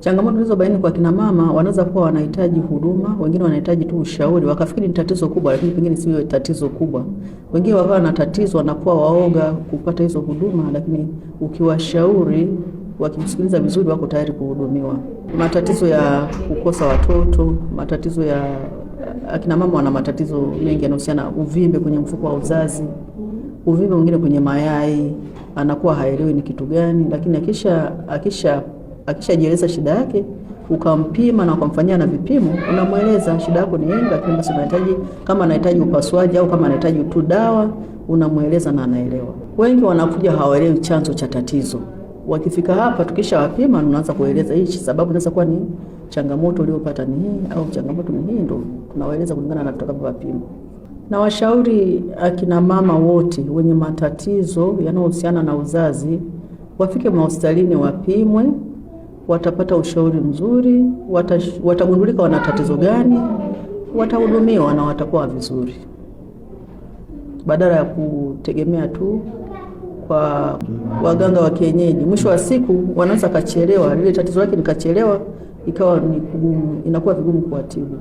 Changamoto zilizobaini kwa kina mama, wanaweza kuwa wanahitaji huduma, wengine wanahitaji tu ushauri, wakafikiri ni tatizo kubwa, lakini pengine sio tatizo kubwa. Wengine wakawa na tatizo, wanakuwa waoga kupata hizo huduma, lakini ukiwashauri, wakimsikiliza vizuri, wako tayari kuhudumiwa. Matatizo ya kukosa watoto, matatizo ya akina mama, wana matatizo mengi yanahusiana na uvimbe kwenye mfuko wa uzazi, uvimbe mwingine kwenye mayai, anakuwa haelewi ni kitu gani, lakini akisha akisha akishajieleza shida yake ukampima na ukamfanyia na vipimo, unamweleza shida yako ni nini, lakini basi unahitaji kama anahitaji upasuaji au kama anahitaji tu dawa, unamweleza na anaelewa. Wengi wanakuja hawaelewi chanzo cha tatizo. Wakifika hapa, tukishawapima tunaanza kueleza hichi, sababu inaweza kuwa ni changamoto uliopata ni hii au changamoto ni hii, ndo tunawaeleza kulingana na wapima. Na washauri akina mama wote wenye matatizo yanayohusiana na uzazi wafike mahospitalini wapimwe watapata ushauri mzuri, watagundulika wana tatizo gani, watahudumiwa na watakuwa vizuri, badala ya kutegemea tu kwa waganga wa kienyeji. Mwisho wa siku wanaweza kachelewa, lile tatizo lake nikachelewa, ikawa ni kugumu, inakuwa vigumu kuwatibu.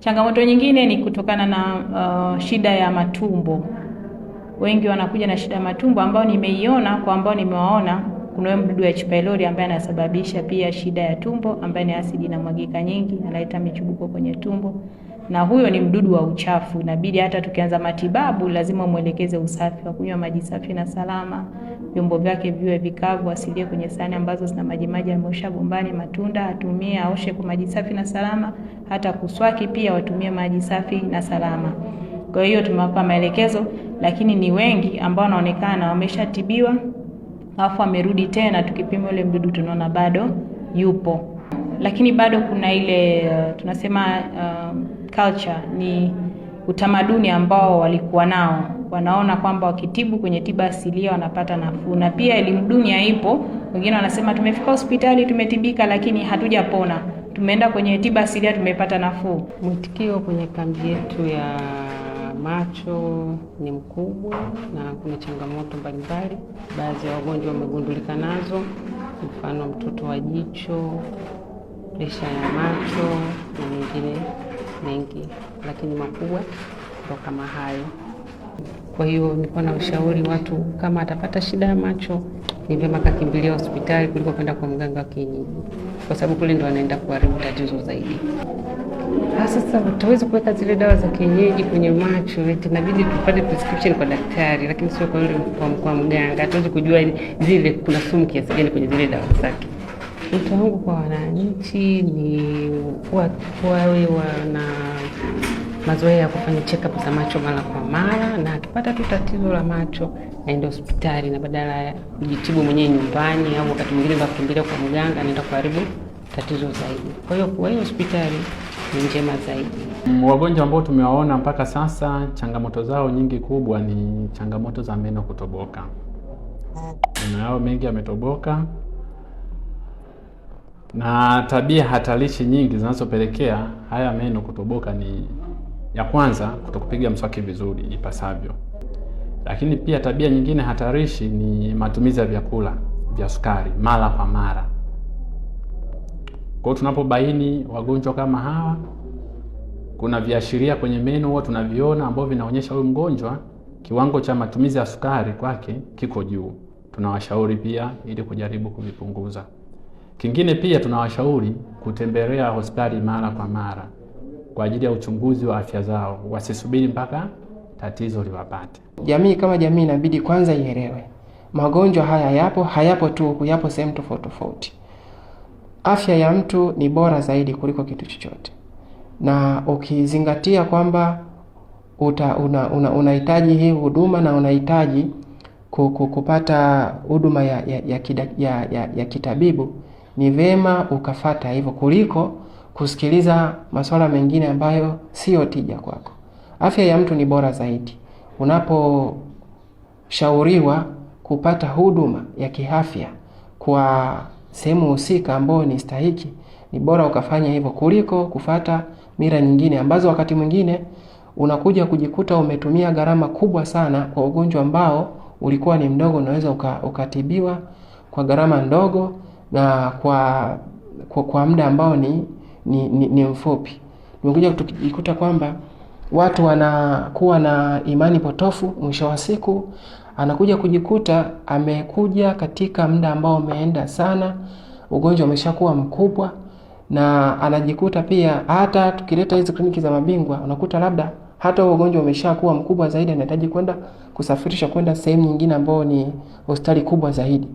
Changamoto nyingine ni kutokana na uh, shida ya matumbo. Wengi wanakuja na shida ya matumbo, ambao nimeiona kwa ambao nimewaona kuna huyo mdudu wa H. pylori ambaye anasababisha pia shida ya tumbo, ambaye ni asidi inamwagika nyingi, analeta michubuko kwenye tumbo, na huyo ni mdudu wa uchafu. Inabidi hata tukianza matibabu, lazima mwelekeze usafi wa kunywa maji safi na salama, vyombo vyake viwe vikavu, asilie kwenye sahani ambazo zina maji maji yameosha bombani. Matunda atumie, aoshe kwa maji safi na salama, hata kuswaki pia watumie maji safi na salama. Kwa hiyo tumewapa maelekezo, lakini ni wengi ambao wanaonekana wameshatibiwa alafu amerudi tena, tukipima ule mdudu tunaona bado yupo, lakini bado kuna ile uh, tunasema uh, culture ni utamaduni ambao walikuwa nao, wanaona kwamba wakitibu kwenye tiba asilia wanapata nafuu, na pia elimu duni haipo. Wengine wanasema tumefika hospitali tumetibika, lakini hatujapona, tumeenda kwenye tiba asilia tumepata nafuu. Mwitikio kwenye kambi yetu ya macho ni mkubwa na kuna changamoto mbalimbali, baadhi ya wagonjwa wamegundulika nazo, mfano mtoto wa jicho, presha ya macho na mengine mengi, lakini makubwa ndo kama hayo. Kwa hiyo nilikuwa na ushauri watu, kama atapata shida ya macho ni vyema kakimbilia hospitali kuliko kwenda kwa mganga wa kienyeji, kwa sababu kule ndo anaenda kuharibu tatizo zaidi. Ah, sasa utaweza kuweka zile dawa za kienyeji kwenye macho, eti inabidi tupate prescription kwa daktari, lakini sio kwa yule kwa mganga. Hatuwezi kujua zile kuna sumu kiasi gani kwenye zile dawa zake. mto wangu kwa wananchi ni wawe wana mazoea ya kufanya check up za macho mara kwa mara, na akipata tu tatizo la macho aende hospitali, na badala ya kujitibu mwenyewe nyumbani au wakati mwingine akukimbilia kwa mganga, anaenda kuharibu tatizo zaidi. Kwa hiyo kuwahi hospitali ni njema zaidi. Wagonjwa ambao tumewaona mpaka sasa, changamoto zao nyingi kubwa ni changamoto za meno kutoboka. Meno yao mengi yametoboka na tabia hatarishi nyingi zinazopelekea haya meno kutoboka ni ya kwanza, kutokupiga mswaki vizuri ipasavyo. Lakini pia tabia nyingine hatarishi ni matumizi ya vyakula vya sukari mara kwa mara. Kwa hiyo tunapobaini wagonjwa kama hawa, kuna viashiria kwenye meno huwa tunaviona ambavyo vinaonyesha huyu mgonjwa kiwango cha matumizi ya sukari kwake kiko juu. Tunawashauri pia ili kujaribu kuvipunguza. Kingine pia tunawashauri kutembelea hospitali mara kwa mara kwa ajili ya uchunguzi wa afya zao, wasisubiri mpaka tatizo liwapate. Jamii kama jamii inabidi kwanza ielewe magonjwa haya yapo, hayapo tu huku, yapo sehemu tofauti tofauti. Afya ya mtu ni bora zaidi kuliko kitu chochote, na ukizingatia kwamba unahitaji una, una hii huduma na unahitaji kupata huduma ya, ya, ya, ya, ya, ya kitabibu, ni vema ukafata hivyo kuliko kusikiliza masuala mengine ambayo sio tija kwako. Afya ya mtu ni bora zaidi unaposhauriwa kupata huduma ya kiafya kwa sehemu husika ambayo ni stahiki. Ni bora ukafanya hivyo kuliko kufata mira nyingine ambazo wakati mwingine unakuja kujikuta umetumia gharama kubwa sana kwa ugonjwa ambao ulikuwa ni mdogo, unaweza uka, ukatibiwa kwa gharama ndogo na kwa, kwa, kwa muda ambao ni ni, ni, ni mfupi. Tumekuja tukijikuta kwamba watu wanakuwa na imani potofu, mwisho wa siku anakuja kujikuta amekuja katika muda ambao umeenda sana, ugonjwa umeshakuwa mkubwa, na anajikuta pia hata tukileta hizi kliniki za mabingwa, unakuta labda hata ugonjwa umeshakuwa mkubwa zaidi, anahitaji kwenda kusafirisha kwenda sehemu nyingine ambayo ni hospitali kubwa zaidi.